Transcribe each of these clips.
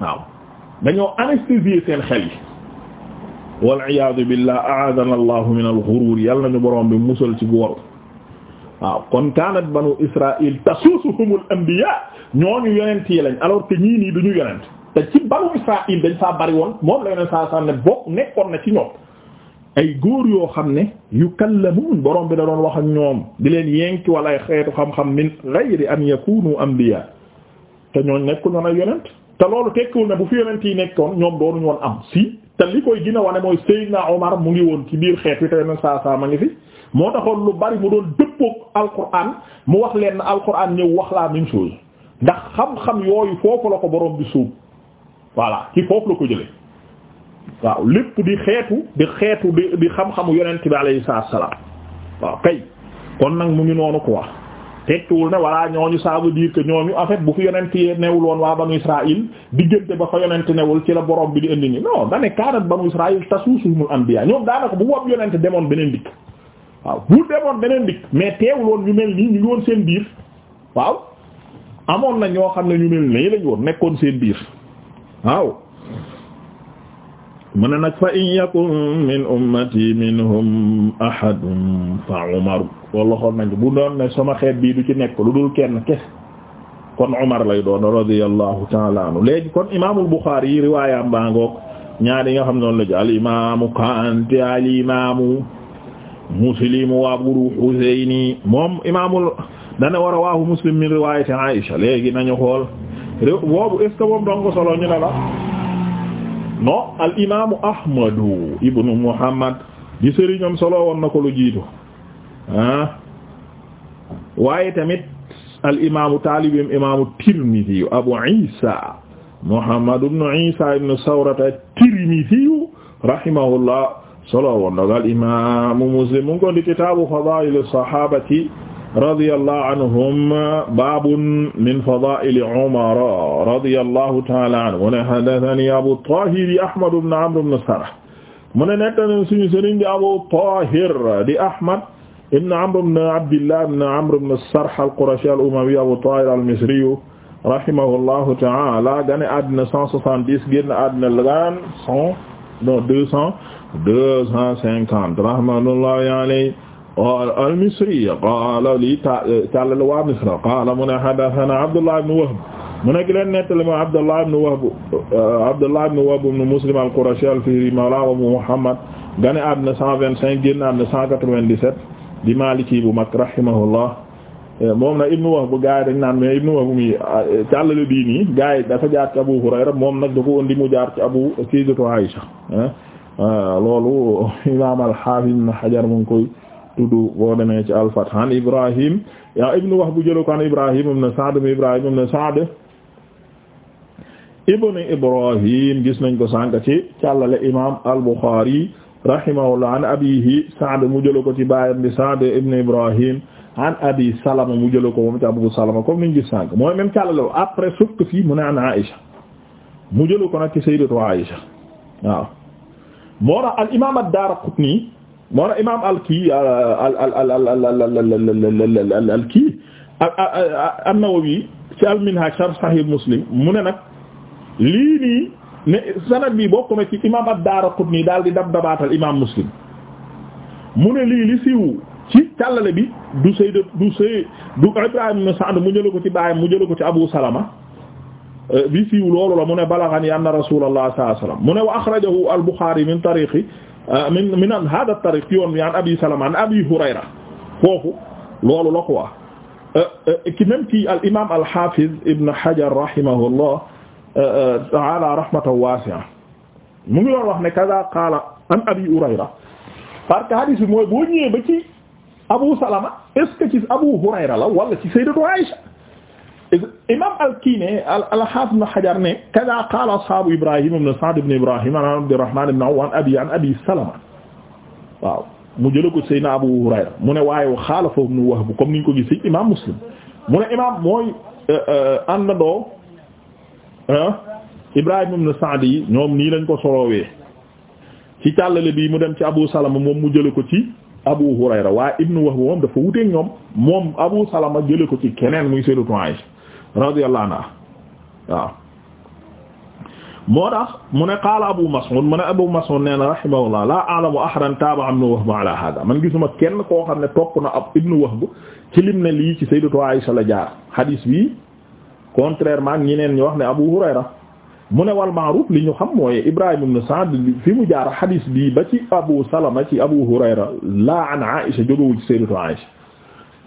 waaw dañoo anesthésier seen xel yi waliyadu billah aadana allahu min alxuruur yàlla nañu borom bi musol ci góor kon kaanat banu israil tasuusuhum al anbiya ñooñu yonent yi lañ alors que ñii nii duñu yonent te ci banu israil dañ saa bari woon moom la yonent saa saa ne bokk nekkoon na ci ñoom ay góor yoo xam ne yukallamuun borom bi da doon wax ak ñoom di leen yenki wala ay xeetu xam-xam min ghayri an yakunu anbiya te ñooñ nekk noon ay yonent te loolu tekkiwul na bu fi yonent yi nekkoon ñoom doonuñu woon am si te li koy gën a wane mooy Seydina Omar mu ngi woon ci biir xeet wi te yeneen saa saa ma ngi fi moo taxoon lu bari mu doon dëppook Alquran mu wax leen na Alquran ñëw wax laa même chose ndax xam-xam yooyu foofu la ko boroom bi suub voilà ci foofu la ko jëlee waaw lépp di xeetu di xeetu di di xam-xamu yonent bi alayhi salaam waaw kay kon nag mu ngi noonu ko wax tekkiwul ne voilà ñooñu ça veut dire que ñooñu en fait bu fi yonent yi newul woon waa banu Israël diggante ba fa yonent newul ci la borom bi di indi ni non dane kaanat banu Israël tasuusuhumul anbiya ñoom daanaka bu wob yonent demoon beneen dikk waaw bu demoon beneen dikk mais teewul woon ñu mel nii ñu ngi woon seen biir waaw amoon na ñoo xam ne ñu mel nii lañu woon nekkoon seen biir waaw mu ne nag fa in yakun min ummati minhum ahadun fa umaru loolu waxoon nañ bu doon ne sama xeet bii du ci nekk lu dul kenn kes kon umar lay doon radiyallahu taala anhu léegi kon imaamul Buxaari yi riwaayam baa ngoog ñaari nga xam noonu la ci al imaamu kanti al imaamu muslimu wa abu huseyni moom imaamul dana war a waahu muslim min riwaayati Aisha léegi nañu xool réew boobu est-ce que moom doon ko solo ñu ne la non al imaamu ahmadu ibnu muhammad di sëriñam solo woon na ko lu jiitu ah waaye tamit al imaamu taalibim imaamu tirmidi abu isa muhammad ibnu isa ibnu sawrata tirmidi rahimahullah solo woon na al imaamu muslim mu ngi ko di kitaabu fadaa'il as-sahaabati radiyallahu anhum baabun min fadaa'ili Umar radiyallahu ta'ala anhu mu ne haddathanii Abu Tahir Ahmad ibn Amr ibn Sarh mu ne nekk na suñu sëriñ di Abu Tahir di Ahmad ibn Amr ibn Abdillah ibn Amr ibn Sarh al-Qurashi al-Umawi Abu Tahir al-Misri rahimahullahu ta'ala gane àddina 170 génn àddina lan 100 non 200 250 rahmatullahi alayhi al-Misri qaala lii tàllal waa Misra qaala mu ne haddathana Abdullah ibn Wahb mu nekk leen nettali ma Abdullah ibn Wahb Abdullah ibn Wahb ibn Muslim al-Qurashi al-Fihri mawla Abu Muhammad gane àddina 125 génn àddina 197 di Maliki bu mag rahimahullah moom nag Ibn Wahb gaa yi dañ naan mais Ibn Wahb mi tàllale bii nii gaa yi dafa jaar ci Abu Hurayra moom nag da ko woon di mu jaar ci Abu Sayyidatu Aïsha loolu imaam al-Hafiz Ibn Hajar mu ngi koy tuddu boo demee ci al-Fath an Ibrahim ya ibnu Wahb jël ko an Ibrahim ibn Sa'd ibn Ibrahim ibn Sa'd ibn Ibrahim gis nañ ko sànq ci càllale imam al-Bukhari rahimahullah an abihi Sa'd mu jël ko ci baayam bi Sa'd ibn Ibrahim an abi Salama mu jël ko moom ci Abu Salama comme niñ gis sànq mooy même càllale après sukk fii mu ne an Aïcha mu jël ko nag ci sayyidatu Aïcha waaw moo tax al imam ad-Daraqutni moo na imaam al-kii al al al al al al al-kii an-Nawawi ci al-Minhaj sharh Sahih Muslim mu ne nag lii nii ne sanad bi bokk na ci imaam ad-Daaraqutni daal di dab dabaatal imaam Muslim mu ne lii li siiw ci càllale bi du Sayyid du Sayyid du Ibrahim ibn Sa'd mu jëla ko ci baayam mu jëla ko ci Abu Salama bi siiw loolu la mu ne balaghani anna Rasuulullah sallallahu alayhi wa sallam mu ne wa akhrajahu al-Bukhaari min tariiqi Euh, min min hada tariq yoon bi an abi salama an abi hurayra foofu loolu la quoi euh, euh, ki même ki al imam al hafiz ibn hajar rahimahullah ta'ala rahmatan wasi'a mu ngi doon wax ne kaza qaala an abi hurayra parce que hadith bi mooy boo ñëwee ba ci abu salama est ce que ci abu hurayra la wala ci sayyidatu aisha imam al-Kine al-Hafiz ibn Hajar ne kaza qala ashabu Ibrahim ibn Sa'd ibn Ibrahim an Abdurrahman ibn Awf an abi an abi Salama mu jëla ko Seydina Abu Hurayra mu ne waaye xaalafa ibn Wahb comme niñ ko gis imam Muslim mu ne imam mooy euh, euh, àndandoo Ibrahim ibn Sa'd yi ñoom nii lañ ko solowee ci càllale bi mu dem ci Abu Salama moom mu jëla ko ci Abu Hurayra waaye ibn Wahb moom dafa wuteek ñoom moom Abu Salama jële ko ci keneen muy Sayyidatu Aisha radiyallahu anha waaw moo tax mu ne qaala Abu Mas'ud mu ne Abu Mas'ud nee na rahimahullah laa a'lamu ahadan taaba ibn Wahb ala hada man gisuma kenn koo xam ne topp na ab ibn Wahb ci lim ne lii ci sayyidatu Aisha la jaar hadis bi contrairement ak ñeneen ñu wax ne Abu Hurayra mu ne wal ma'ruf li ñu xam mooy Ibrahim ibn Sa'd fi mu jaar hadis bi ba ci Abu Salama ci Abu Hurayra laa an Aisha jógewul ci sayyidatu Aisha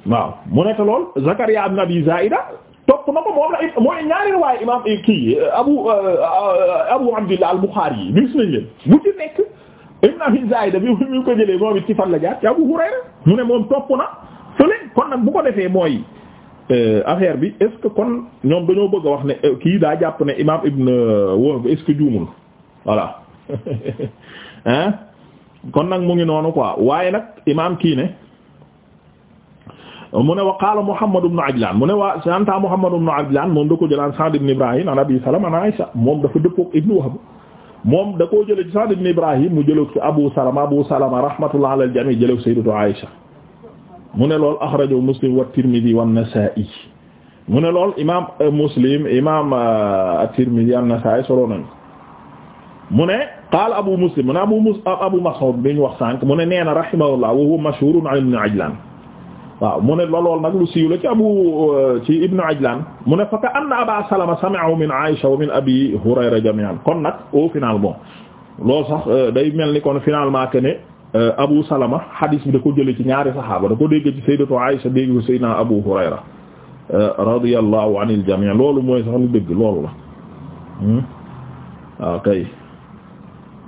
waaw mu ne te lool Zakariya ibn Abi Zaida topp na ko moom la it mooy ñaari waaye imaam kii abu abu abdillah al-Bukhari yi gis nañ leen bu ci nekk ibn abi zaida bi mu ko jëlee moom it ci fan la ci abu hurayra mu ne moom topp na fële kon nag bu ko defee mooy euh, affaire bi est-ce que kon ñoom dañoo bëgg a wax ne euh, kii daa jàpp ne imaam ibn Wahb est-ce juumul voilà hein kon nag mu ngi noonu quoi waaye nag imaam kii ne mu ne wa qaala Muhammad ibn Ajlan mu ne waa santa Muhammad ibn Ajlan moom da ko jëlaan Sa'd ibn Ibrahim an Abi Salama an Aisha moom dafa dëppook Ibn Wahb moom da koo jële ci Sa'd ibn Ibrahim mu jëloog ci Abu Salama Abu Salama rahmatullah ala al-jami' jëloog Sayyidatu Aisha mu ne lool akhrajahu Muslim wa Tirmidhi wa Nasa'i mu ne lool imaam euh, Muslim imaam at-Tirmidhi euh, wa Nasa'i solo nañu mu ne qaala Abu Muslim mu ne Abu Abu Mas'ud bi ñu wax sànq mu ne nee na rahimahullah wa huwa mashhurun an Ibn Ajlan waaw mu ne lool nag lu siiw la ci abu euh, ci ibnu ajlan mu ne fa ka anna aba salama sami'ahu min aisha wa min abi hurayra jami'an kon nag au final bon loolu sax euh, day mel ni kon finalement que ne euh, abu salama hadis bi da ko jële ci ñaari saxaaba da ko dégg ci sayyidatu aisha dégg ko sayyidina abu hurayra radiyallahu anil jami' loolu mooy sax lu dëgg loolu la waaw hmm?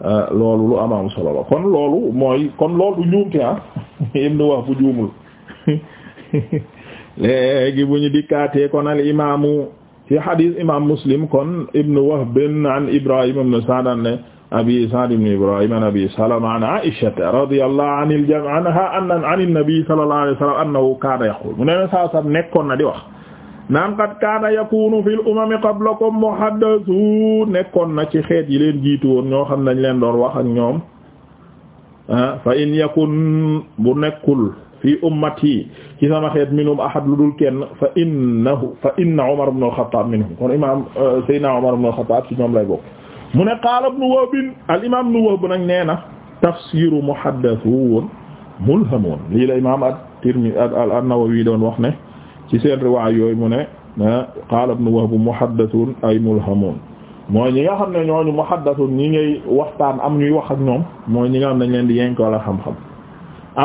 ah, loolu lu am am kon loolu mooy kon loolu du njuumte ah yém juumul léegi bu ñu dikkaatee kon al imaamu fi hadis imam muslim kon ibn wahb an ibrahim ibn sa'd an abi sa'd ibn ibrahim an abi salama an aishata radiyallahu anil jami anha an nabi sallallahu alayhi wa sallam annahu kaana yaqul mu ne saa sa nekkoon na di wax naan qad kaana nekkoon na ci xeet yi leen jiitu woon ñoo xam nañ leen doon wax ak ñoom ah, fa in yakun bu nekkul fii ummati ci sama xeet minhum ahad lu dul kenn fa innahu fa inna Umar ibn al-Khattab minhum kon imaam euh, Seydina Umar ibn al-Khattab ci ñoom lay bokk mu ne qaala ibn Wahb al imaam ibn Wahb nag nee na tafsiru muhaddathun mulhamun lii la imaam at-Tirmidhi an-Nawawi doon wax ne ci seen riwaay yooyu mu ne qaala ibn Wahb muhaddathun ay mulhamun mooy ñi nga xam ne ñooñu muhaddathun ñi ngay waxtaan am ñuy wax ak ñoom mooy ñi nga xam ne dañ leen di yénkool xam-xam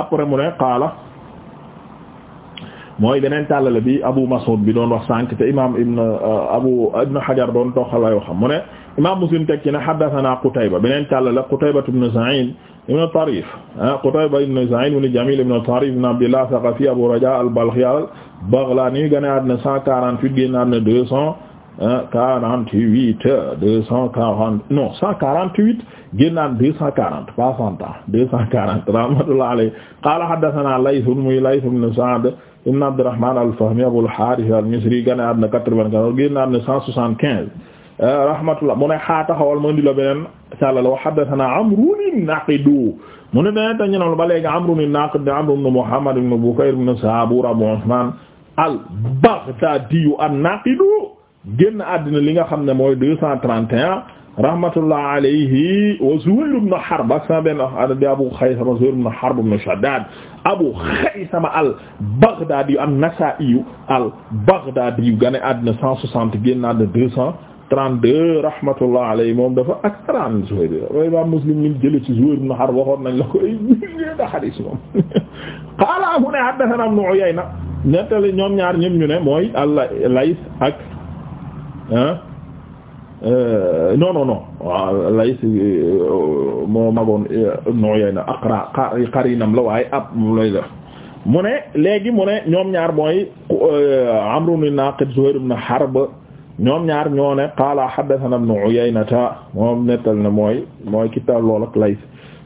après mu ne qaala mooy beneen tàllale bi Abu Mas'ud bi doon wax sànq te imaam Ibn uh, Abu Ibn Hajar doon toxal yoo xam mu ne imaam Muslim teg ci ne haddathana Qutayba beneen tàllale Qutayba ibn Sa'id ibn Tarif ah Qutayba ibn Sa'id ibn Tarif ibn Abdillah Abu Raja al-Balkhi baghlani gane àddina 148 génn àddina 248 240 ah, non 148 génnaan 240 pas 100 240 rahmatullahi alayhi qala haddathana Layth muy Layth ibn Sa'd ibn Abdurrahman al-Fahmi Abul Harith al-Misri gane àddina quatre-vingt-quatorze génn àddina cent soixante-quinze euh, rahmatullah mu ne xaa taxawal mu indi la beneen sàllala wa haddathana Amrun an-Naqid mu ne dane ta ñenol ba léegi Amrun an-Naqid de Amr ibn Muhammad ibn Bukayr ibn Sabur Abu Usman al-Baghdadi an-Naqid génn àddina li nga xam ne mooy deux cent trente et un rahmatullah alayhi wa Zuhayr ibn Harb ak sama benn di Abu Khaysama Zuhayr ibn Harb ibn Shaddad Abu Khaysama al-Baghdadi an-Nasa'i al-Baghdadi yu gane àddina 160 génn àddina 232 rahmatullah alayhi moom dafa ak taran Zuhayr wa imam Muslim min jële ci Zuhayr ibn Harb waxoon nañ la ko da hadis moom qaala mu ne haddathana Ibn Uyayna ñettali ñoom ñaar ñëpp ñu ne mooy al-Layth ak Euh, non non non Lays euh, moo magoon noo yey na Aqra qarinam la waaye ab mu lay mu ne léegi mu ne ñoom ñaar mooy euh, Amru ibn Naqid Zuhayr Harb ñoom ñaar ñoo ne qaala haddathana ibn Uyaynata moom nettal ne mooy mooy kitaab lool ak Lays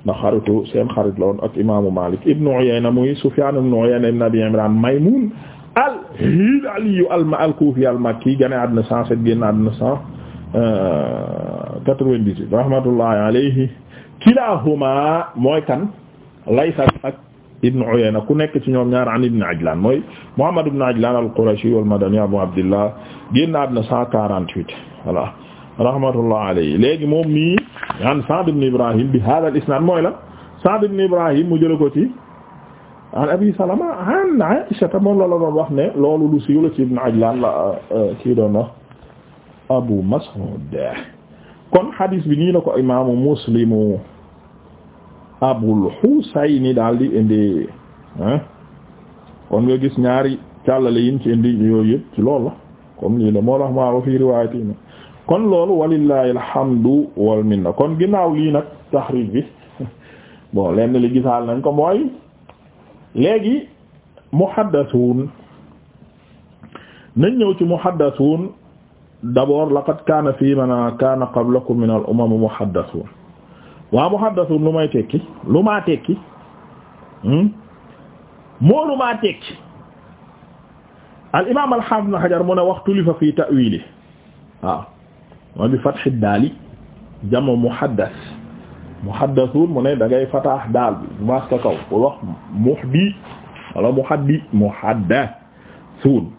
ndax xaritu seen xarit ak imaamu Malik ibn Uyayna muy Sufyan ibn Uyayna ibn Abi Imran Maymun al-Hilali al-Kufi al-Makki gane àddina 107 Euh, quatre-vingt-dix-huit rahmatullahi alayhi kilahuma mooy kan Layth ak Ibn Uyayna ku nekk ci ñoom ñaar an Ibn Ajlan mooy Muhammad ibn Ajlan al-Qurashi wal-Madani Abu Abdillah génn na àddina cent quarante-huit voilà rahmatullah alayhi léegi moom nii an Sa'd ibn Ibrahim bi hada al-isnad mooy la Sa'd ibn Ibrahim mu jël ko ci an Abi Salama an Aisha moom la la doon wax ne loolu lu siiw la ci Ibn Ajlan la euh, kii doon wax Abu Mas'ud kon hadis bi nii la ko imaamu Muslimu Abul Husayn daal di indi kon nga gis ñaari càllale yin ci indi yooyu yëpp ci loolu la comme lii la moo tax maa ba fii riwaayati na kon loolu walillahi alhamdu wal minna kon ginnaaw lii nag taxrij bi bon lenn li gisaal nañ ko mooy léegi muhaddasuun nañ ñëw ci muhaddasuun d'abord laqad kaana fii man kaana qablakum min al umam muhaddathun waa muhaddathun lu may tekki lu maa tekki hmm? moo lu maa tekki al imaam al haafid Hajar mu ne waxtulifa fii ta'wiili waaw moo bi fathi daali jamu muhaddath muhaddathun mu ne da ngay fataax daal bi maska kaw bu wax muhdi wala muhaddi muhaddathun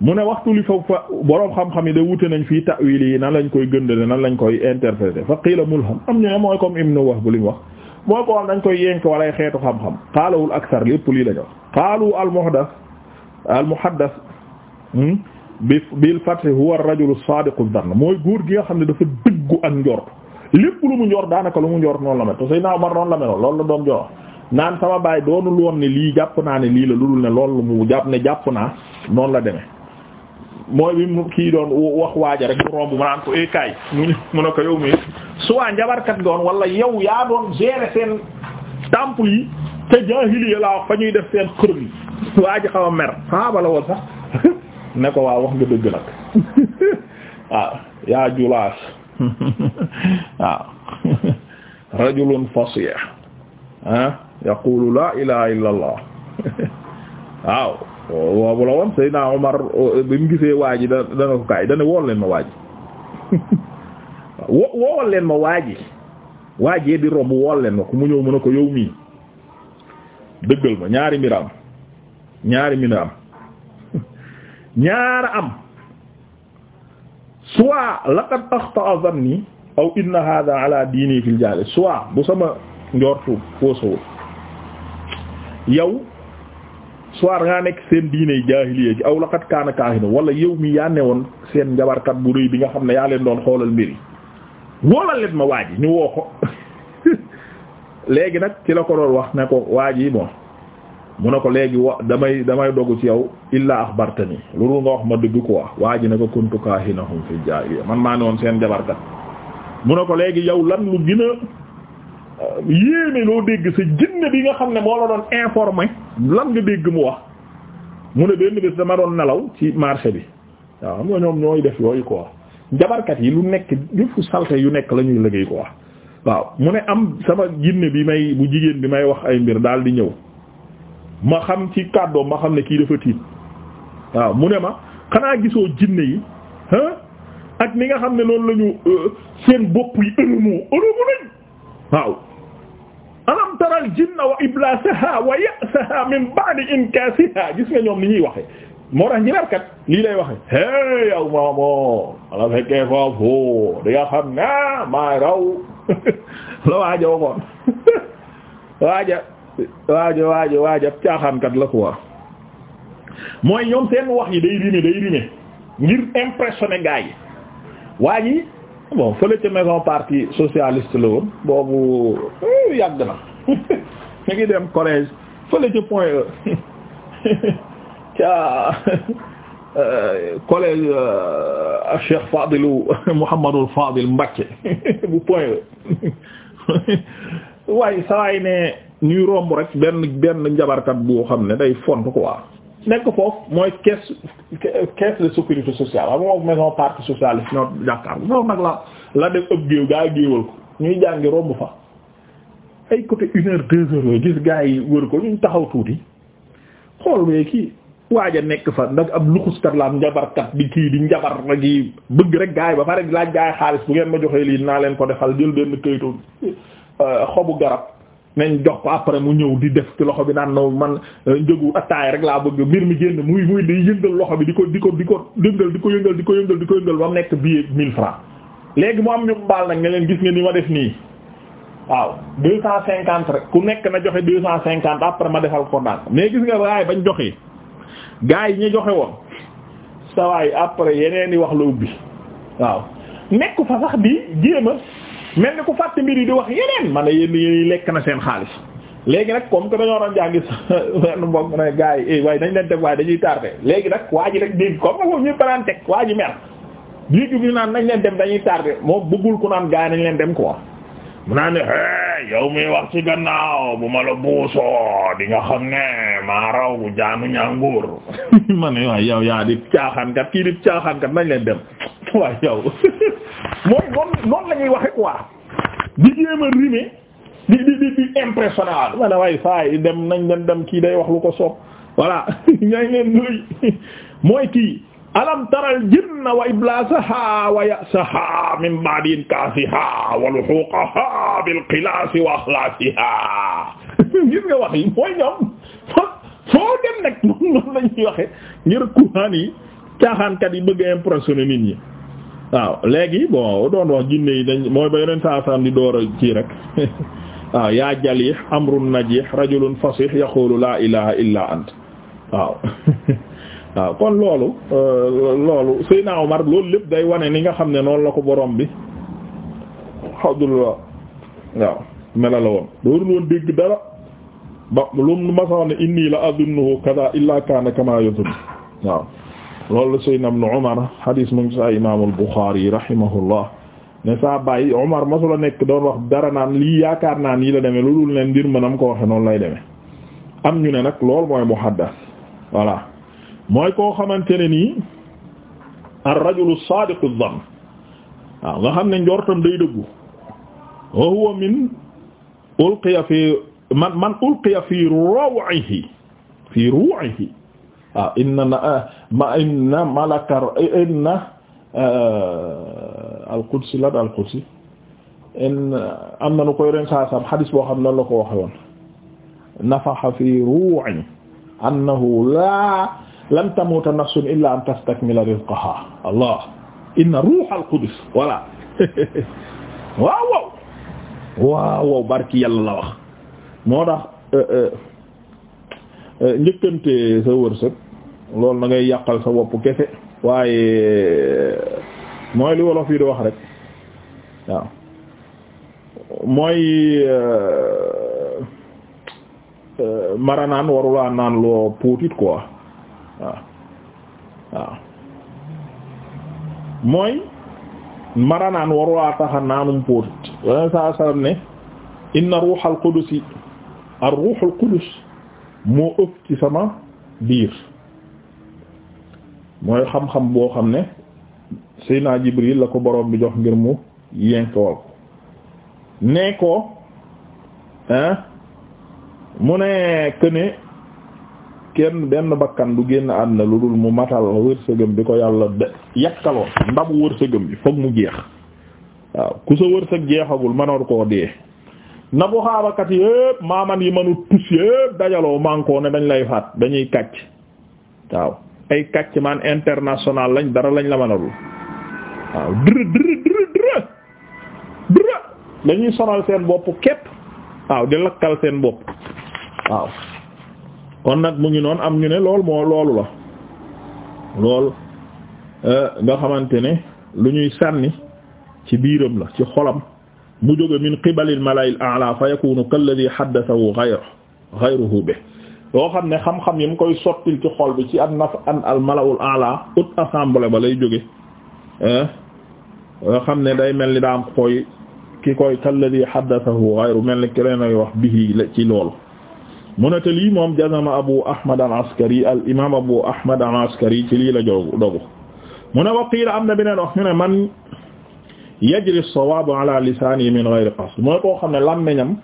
mu ne waxtu li fa boroom xam-xam yi de wute nañ fii ta'wil yi nan lañ koy gëndale nan lañ koy interpréter fa qiila mulham am ñowe mooy comme Ibnu Wahb li mu wax mooy ko dañ koy yénk walay xeetu xam-xam xaalawul aksar lépp lii la ñu wax xaalu almuhdas almuhaddas hmm, bi bil fath huwa ar-rajulu as-sadiqu dhann mooy góor gi nga xam ne dafa dëggu ak njort lépp lu mu njort daanaka lu mu njort noonu la mel te Seydina Omar noonu la meloon loolu la doon jox naan sama baay doonul woon ne lii jàpp naa ne lii la lu dul ne loolu mu jàpp ne jàpp naa noonu la demee mooy bi mu kii doon wax waaja rek mu romb mu naan ko eh, kaay mu ñu mu ne ko yow mi soit njabarkat nga doon wala yow yaa doon gérer seen temple yi te jaahiliya laa fa ñuy def seen xërëm yi waa ji xaw a mer ah, saaba la ko waaw wax nga dëgg ah, yaa julaas waaw ah. rajulun fasih ah yaqulu la ilaha woobu la woon Seydina Omar euh, bi mu gisee waa ji da dana ko kaay dana wool leen ma waa ji wo wool leen ma waa ji di romb wool leen ma ku mu ñëw mën a ko yow mii dëggal ma ñaari mbir am ñaari mbir am ñaara am soit laqad axta zanni aw inna hada ala diini fil jahl soit bu sama njortu foosowul yow soit ngaa nekk seen diine jaahiliya ji aw laqad kaana kaahina wala yow mi yànnee woon seen njabarkat bu rëy bi nga xam ne yaa leen doon xoolal mbir yi woolal leen ma waa ji ñu woo ko léegi nag ci la ko doon wax ne ko waa ji bon mu ne ko léegi wa damay damay dogu ci yow illaa axbartani loolu nga wax ma dëgg ko wax waa ji ne ko kuntu kaahinahum fi jaahiliya man maa ne woon seen njabarkat mu ne ko léegi yow lan lu gën yéeme loo dégg sa jinne xam ne moo la doon informé lan nga dégg mu wax mu ne benn bés dama doon nelaw ci marché bi waaw xam nga ñoom ñooy def yooyu ko wax njabarkat yi lu nekk yëfu salte yu nekk la ñuy ko wax waaw mu ne am sama jinne bi may bu jigéen bi may wax ay mbir daal di ñëw ma xam ci kàddoom ma xam ne kii dafa tiit waaw mu ne ma xanaa gisoo jinne yi ak ni nga xam ne noonu lañu euh, seen bopp yi ëlëmoo ëlëmu nañ waaw alam tara al jinna wa iblasaha wa ya'saha min ba'di inkasiha gis nga ñoom ni ñuy waxe moo tax ñi narkat lii lay waxe é yow moomo ala fekkee foofu di nga xam na maa raw la waaja waxoon waaja waaja waaja waaja caaxaankat la quoi mooy ñoom seen wax yi day rime day rime ngir impressionner gaa yi waa bon fële ca maison parti socialiste la woon boobu eh, yàgg na ñu ngi dem collège fële ca point e ca euh, collège euh, Cheikh Fadilu Mouhamadul Fadil Mbacké bu point e waaye ne ñuy romb rek benn benn njabarkat boo xam ne day font quoi nekk foofu mooy caisse caisse de sécurité sociale am moom maison parc sociale si ñoo jàkkaar foofu nag la la def ëpp géew gaa géewal ko ñuy jàngi romb fa ay côté une heure deux gis gaa yi wër ko ñu taxaw tuuti xool bee kii waaj a nekk fa ndax ab luxuskat la am njabarkat di kii di njabar rek yi bëgg rek gaa yi ba pare laaj gaa yi xaalis bu ngeen ma joxee lii naa leen ko defal jël benn këyitu euh, xobu garab nañ jox ko après mu ñëw di def ci loxo bi naan no man euh, njëgu attaay rek laa bëgg mbir mi génn muy muy di yëngal loxo bi di ko di ko di ko yëngal di ko yëngal di ko yëngal di ko yëngal ba mu nekk billet mille francs léegi mu am ñu baal nag nga leen gis nga ni ma def nii waaw deux cent cinquante rek ku nekk na joxe deux cent cinquante après ma defal ko daal mais gis nga gaay bañ joxe gaay yi ñu joxe woon sawaay après yeneen i wax la ubbi waaw nekk fa sax mel ni ku fàtte mbir yi di wax yeneen man ne yéen lekk na seen xaalis léegi nag comme que dañoo doon jàngi wenn mbokk ne gars yi eh, waaye dañ leen def dañuy tardé léegi nag waa ji rek dégg comme que waa ji mer léegi bi naan nañ leen dem dañuy tardé moo bëggul ku naan gars yi nañ leen dem ko mu naan ne é yow muy wax ci gannaaw bu ma la buusoo di nga xam ne maa raw bu jaanu ñànguur ma ne waaye yow yaa di caaxaankat kii di caaxaankat nañ leen dem waaye noonu noonu la ñuy waxe quoi di jéem a di di di di impressionné waaye saa dem nañ dem dem kii day wax lu ko soob voilà mooy kii alam taral jinna wa iblasaha wa ya'saha min ba'di kaasiha wa luhuqaha bil qilaas wa akhlaasiha gis nga wax yi mooy ñoom foo dem nag noonu la ñuy waxe ngir kuhaan yi caaxaankat yi bëgg a nit ñi waaw léegi bon doon wax jinne yi dañ mooy ba yeneen saasam di door a kii rek waaw yaa jalih amrun najih rajulun fasih yaqulu laa ilaha illa ant waaw waaw kon loolu euh, loolu Seydina Omar loolu lépp day wane ni nga xam ne noonu la ko borom bi alhamdulillah waaw mela la woon doorul woon dégg dara ba lu ma sax inni la adunnuhu kada illa kana kama yadunnu waaw lool la Seydina Ibn Umar hadis mu ngi sa Imaam ne saa bàyyi Umar masula nekk doon wax dara naan lii yaakaar naa nii la demee loolu ne mbir ma nam ko waxe noonu lay demee am ñu ne nag loolu mooy muhaddas voilà mooy koo xamante ne nii ar-rajulu as-sadiqu adh-dhann waaw nga xam wa huwa min ulqiya fi man man ulqiya fi ru'ihi na ah, ma inna malakar inna euh, al-Qudsi la al-Qudsi in am na nu koy ren saa saam xadis boo xam lan la ko waxe woon nafaxa fi ruu'in annahu laa lan tamuuta nafsun illaa an tastakmila rizqahaa allah inna ruuhal qudus voilà waaw waaw waaw waaw barki yàlla la wax moo tax euh, euh, njëkkante sa wërsëg loolu na ngay yàqal sa woppu kese waaye eh, mooy li wolof yi di wax rek waaw mooy eh, eh, mara naan warulaa naan loo puutit quoi waaw waaw mooy mara naan warulaa taxa naanum puutit yoneen saa sallam ne inna ruuxal qudus yi ar moo ëpp sama biir mooy xam-xam boo xam ne Seydina Jibril la ko boroom bi jox ngir mu yenkowal ko nee ko hein mu ne këne kenn benn bakkan du génn na lu dul mu matal wërsëgëm bi ko yàlla de yakkaloon ndabu wërsëgëm bi fokk mu jeex waaw ku sa wërsëg jeexagul manoon koo dee na bu xaabakat maaman yi mënu tus yépp dajaloo mànkoo ne dañ lay faat dañuy kàcc waaw ay kàccmaan international lañ dara lañ la mënalul waaw dërë dërë dërë dërë dërë dañuy sonal seen bopp képp waaw di lakkal seen bopp waaw kon nag mu ngi noon am ñu ne lool moo loolu la lool eh, nga xamante ne lu ñuy sànni ci biiram la ci xolam mu jóge min qibalil malayil a'la fa yakunu kalladhi haddathahu ghayruhu ghayruhu bi yoo xam ne xam-xam yi mu koy sottil ci xol bi ci an naf an al malawul ala ut assemblée ba lay jóge yoo xam ne day mel ni daa am koy ki koy kalladi haddathahu ghayru mel ni ki leenay wax bihi ci lool mu ne te lii moom jazama abu ahmad al askari al imam abu ahmad al askari ci lii la jogu dogu mu ne wa am na beneen wax ñu ne man yajri as-sawaab ala lisaanihi min ghayri qasd mooy koo xam ne làmmiñam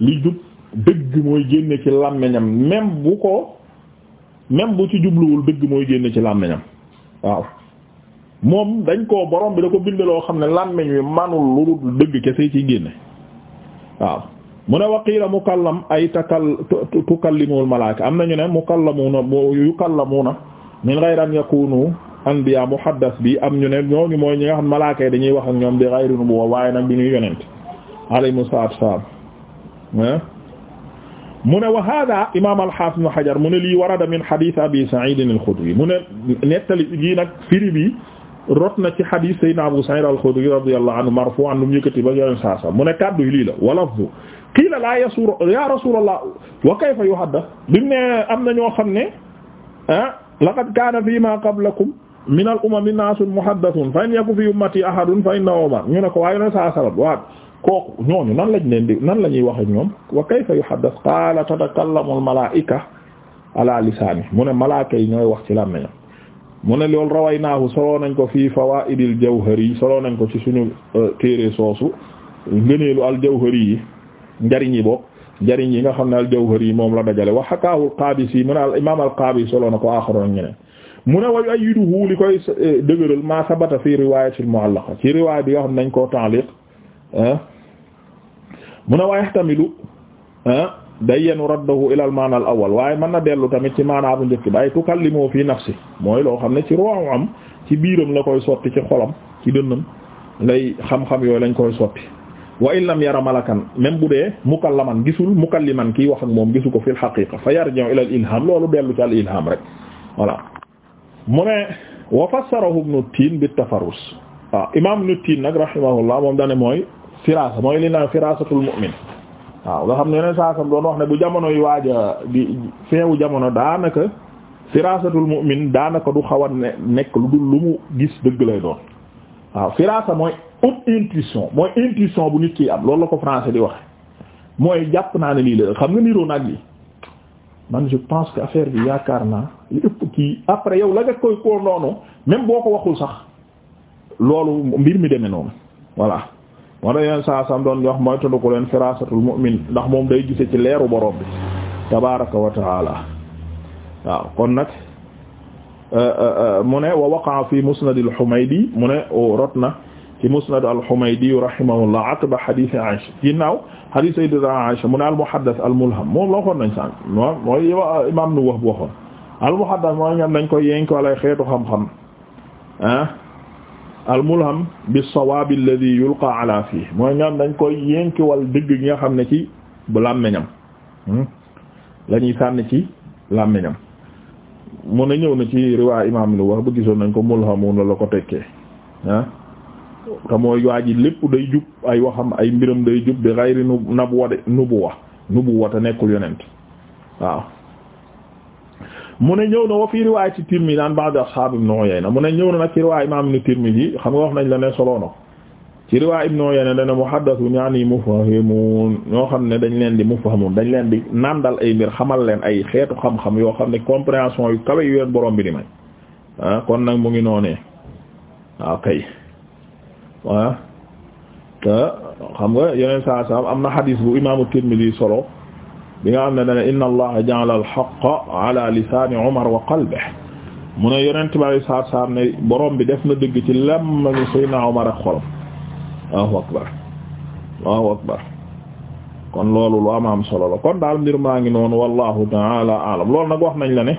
li jub dëgg mooy génne ci làmmiñam même bu ko même bu ci jubluwul dëgg mooy génne ci làmmiñam waaw moom dañ koo borom bi da ko bind loo xam ne làmmiñ wi manul lu dul dëgg kese ci génne waaw mu ne waqiila mukallam ay takal tukallimul malaaka am nañu ne mukallamuna yukallamuna min ghayri an yakunu anbiya muhaddas bi am ñu ne ñooñu mooy ñi nga xam malaaka yi dañuy wax ak ñoom bi ghayri nubuwa waaye nag bi ñuy yonent alayhi salaatu wa mu ne wa hada imam al-Hafiz ibn Hajar mu ne lii warada min hadith Abi Sa'id al-Khudri mu ne nettali gi nag firi bi rot na ci hadith Sayyidina Abu Sa'id al-Khudri radiyallahu anhu marfu'an lu mu yëkkati ba yoleen saa sa mu ne kàddu yi lii la wa lafzu qiila la yasur ya Rasulullah wa kayfa yuhaddath bi mu ne am na ñoo xam ne ah laqad kaana fii ma qablakum min al-umami naasun muhaddathun fa in yakun fi ummati ahadun fa innahu Umar ñu ne ko waaye yoleen saa salam waa kooku ñooñu nan lañ leen di nan la ñuy wax ak ñoom wa kayfa yuhaddas qaala tatakallamu al malaa'ika ala lisaani mu ne malaaka yi ñooy wax ci lan nañu mu ne loolu rawaynaahu soloo nañ ko fii fawaa'idil jawhari soloo nañ ko ci suñu euh, téere soosu ngëneelu yi njariñ yi bokk njariñ yi nga xam ne al jawhari yi moom la dajale wa hakaahu al qaabisi mu ne al imaam al soloo na ko aaxaroon ñeneen mu ne wayu ay yidu hu li koy euh, dëgëral ma sabata fi riwaayatil mu'allaqa ci riwaaya bi nga xam ne nañ ko ta'liq mu ne waaye yahtamilu ah, day yenu raddahu ila al maana waaye mën na dellu tamit ci maanaa bu njëkk ba ay tukallimu fi nafsi mooy loo xam ne ci ruuhu am ci biiram la koy sotti ci xolam ci dënnam lay xam-xam yooyu lañ koy sotti wa in lam yara malakan même bu dee mukallaman gisul mukalliman kiy wax ak moom gisu ko fi haqiqa fa yarji'u ila al loolu dellu ci al ilham rek voilà mu ne wa fassarahu ibnu tiin bi tafarrus waaw imam ibnu tiin nag rahimahullah moom mooy firaasa mooy li naan firaasatul mu'min waaw nga xam ne yeneen saasam doon wax ne bu jamono yi waaj di feewu jamono daanaka firaasatul mu'min daanaka du xaw a ne nekk lu dul lu mu gis dëgg lay doon waaw firaasa mooy haute intuition mooy intuition bu nit ki am loolu la ko français di wax mooy jàpp naa ne lii la xam nga niroo nag li man je pense que affaire bi yaakaar naa li ëpp kii après yow la nga koy koo noonu même boo ko waxul sax loolu mbir mi demee noonu voilà moo tax yeneen saa sam doon wax moytandu ko leen firaasatul mu'min ndax moom day gise ci leeru borom bi wa ta'ala waaw kon nag euh, euh, euh, mu ne wa waqa'a fi musnad al-Humaydi mu ne oh, rot na ci musnad al-Humaydi rahimahullah aqba hadith Aisha ginnaaw al-muhaddath al-mulham moom la nañ sànq moom mooy imaam nu wax bu waxoon al-muhaddath mooy ñoom dañ koy yénk wala xeetu xam-xam ah. almulham bi sawaab alladhi yulqa ala fii mooy ñoom dañ koy yénkiwal dëgg gi nga xam ne ci làmmiñam hmm? la ñuy sànni ci làmmiñam moo ne ñëw na ci riwaa imam lu wax ba gisoon nañ ko mulhamun la la ko tekkee ah te mooy waa ji lépp day jub ay waxam ay mbiram day jub bi ghayri nabwa de nubuwa nubuwa te nekkul yonent waaw mu ne ñëw na wa fii riwaay ci Tirmidhi an ba'd ashab Ibn Uyayna mu ne ñëw na nag ci riwaay imam Ibn Tirmidhi xam nga wax nañ la ne solo na ci riwaay Ibn Uyayna dana muhaddathun yaani mufhamun ñoo xam ne dañ leen di mufhamun dañ leen di nandal ay mbir xamal leen ay xeetu xam-xam yoo xam ne compréhension yu kawe yu leen borom bi di may ah kon nag mu ngi noonee waaw kay ah te xam nga yeneen saa saa am na xadiis bu imaamu Tirmidhi solo. bi nga xam ne dane inna allaha ja'ala al-haqqa ala lisaani umar wa qalbihi mu ne yonent bi saar saar ne borom bi def na dëgg ci làmmiñu Seydina Umar ak xolam Allahu akbar kon loolu lu am am solo la kon daal mbir maa ngi noonu wallahu taala alam lool nag wax nañ la ne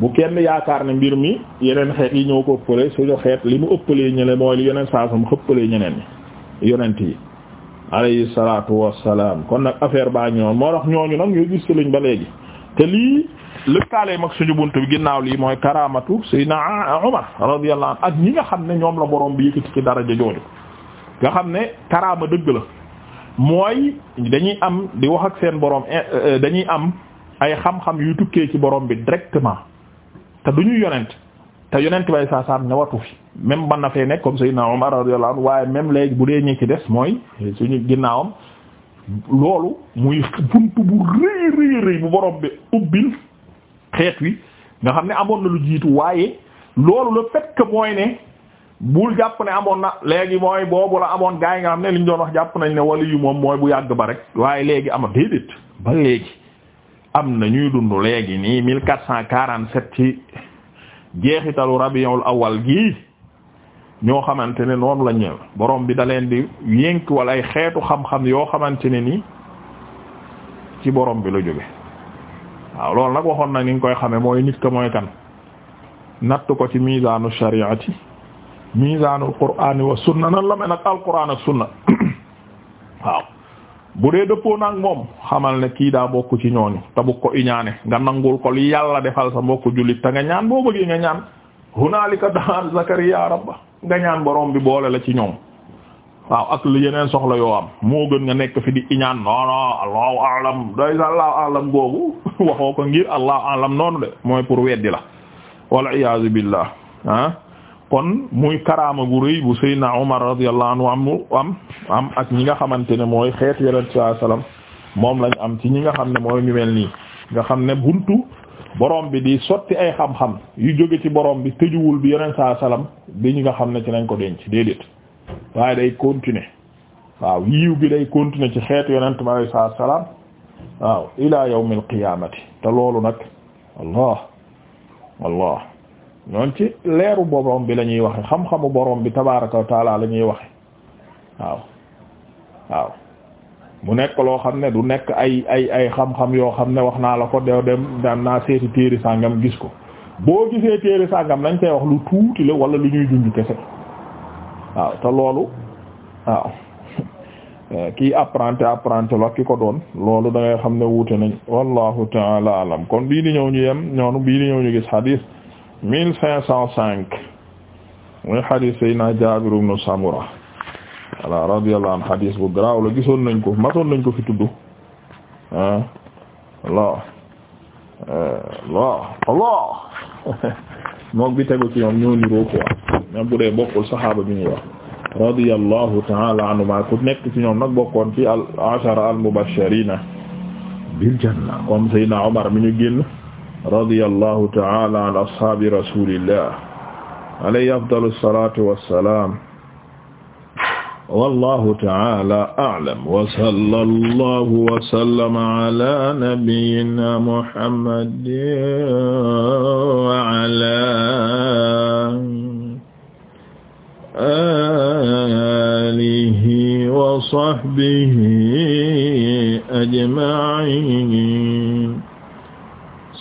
bu kenn yaakaar ne mbir mi yeneen xeet yi ñëw ko ëppale suñu xeet li mu ëppalee ñële mooy li yeneen saasam xëppalee ñeneen ñi yonent yi alayhi salaatu wassalaam kon nag affaire baa ñoon moo tax ñooñu nag ñooy gis lañ ba léegi te lii lëkkaale mag suñu bunt bi ginnaaw lii mooy karamatu sayna Umar radiyallahu anhu ak ñi nga xam ne ñoom la boroom bi yëkkati ci daraja jooju nga xam ne karama dëgg la mooy dañuy am di wax ak seen boroom eh, eh, dañuy am ay xam-xam yu tukkee ci boroom bi directement te duñu yonent te yonent bay saa saam watu fi même mën na fee nekk comme Seydina Omar radiyallahu anhu waaye même léegi bu dee ñi ci des mooy suñu ginnaawam loolu muy buntu bu rëy rëy bu borom bi ubbil xeet wi nga xam ne amoon na lu jiitu waaye loolu le fait ne jàpp ne amoon na léegi mooy boobu la amoon gaa yi nga xam ne li ñu doon wax jàpp nañ ne wali yu moom mooy bu yàgg ba rek waaye léegi ama déedéet ba léegi am na ñuy dund léegi nii mille quatre cent quarante-sept ci jeexitalu rabiul awal gi ñoo xamante ne noonu la ñeel borom bi da leen di yënk wala ay xeetu xam-xam yoo xamante ne ni ci borom bi la jóge waaw loolu nag waxoon na ni nga koy xame mooy nit ko mooy kan natt ko ci miisaanu shariati miisaanu alquraan wa sunna nan la mel nag alquraan ak sunna waaw bu dee dëppoo nag moom xamal ne kii daa bokk ci ñooñu te ko iñaane nga nangul ko li yàlla defal sa mbokku jullit te nga ñaan boo bëggee nga ñaan hunaalika daan Zakariya rabba nga ñaan borom bi boole la ci ñoom waaw ak lu yeneen soxla yoo am moo gën nga nekk fi di iñaan non non allahu alam day allahu alam googu waxoo ko ngir allahu alam noonu de mooy pour weddi la wal iyaazu billah ah kon muy karaama gu rëy bu Seydina Omar radiyallahu anhu am am am ak ñi nga xamante ne mooy xeet yonent sallallahu alayhi moom lañ am ci ñi nga xam ne mooy ñu mel nii nga xam ne buntu borom bi di sotti ay xam-xam yu jóge ci borom bi tëjuwul bi yonent sallallahu alayhi bi ñi nga xam ne ci nañ ko denc déedéet waaye day continuer waaw yiw bi day continuer ci xeetu yonent bi sallallahu alayhi wasallam waaw ila yawmil qiyaamati te loolu nag Allah Allah ñoon ci leeru borom bi la ñuy waxe xam-xamu boroom bi tabaraka wa taala la ñuy waxe waaw waaw mu nekk loo xam ne du nekk ay ay ay xam-xam yoo xam ne wax naa la ko doo dem daan naa seeti téere sàngam gis ko boo gisee téere sàngam lañ koy wax lu tuuti la wala lu ñuy junj kese waaw te loolu waaw kii apprenti apprenti la ki ko doon loolu da xam ne wuute nañ wallahu taala alam kon bii di ñëw ñu yem ñoonu bii di ñëw ñu gis hadith mille cinq cent cinq muy hadis Seydina Jaabir ibn Samura voilà radiyallahu gisoon nañ ko masoon nañ ko fi tudd ah lo lo lo mook bi ci ñoom ñoo niroo quoi même bu dee bokkul saxaaba bi ñuy wax radiyallahu ta'ala anhuma ku nekk ci ñoom nag bokkoon ci al ashara al mubashirina bil janna comme Seydina Omar mi ñu génn radiyallahu ta'ala an ashaabi rasulillah alayhi afdalu salaatu wa salaam wallahu ta'ala a'lam wa sallallahu wa sallama ala nabiyyina muhammadin wa ala alihi wa sahbihi ajma'in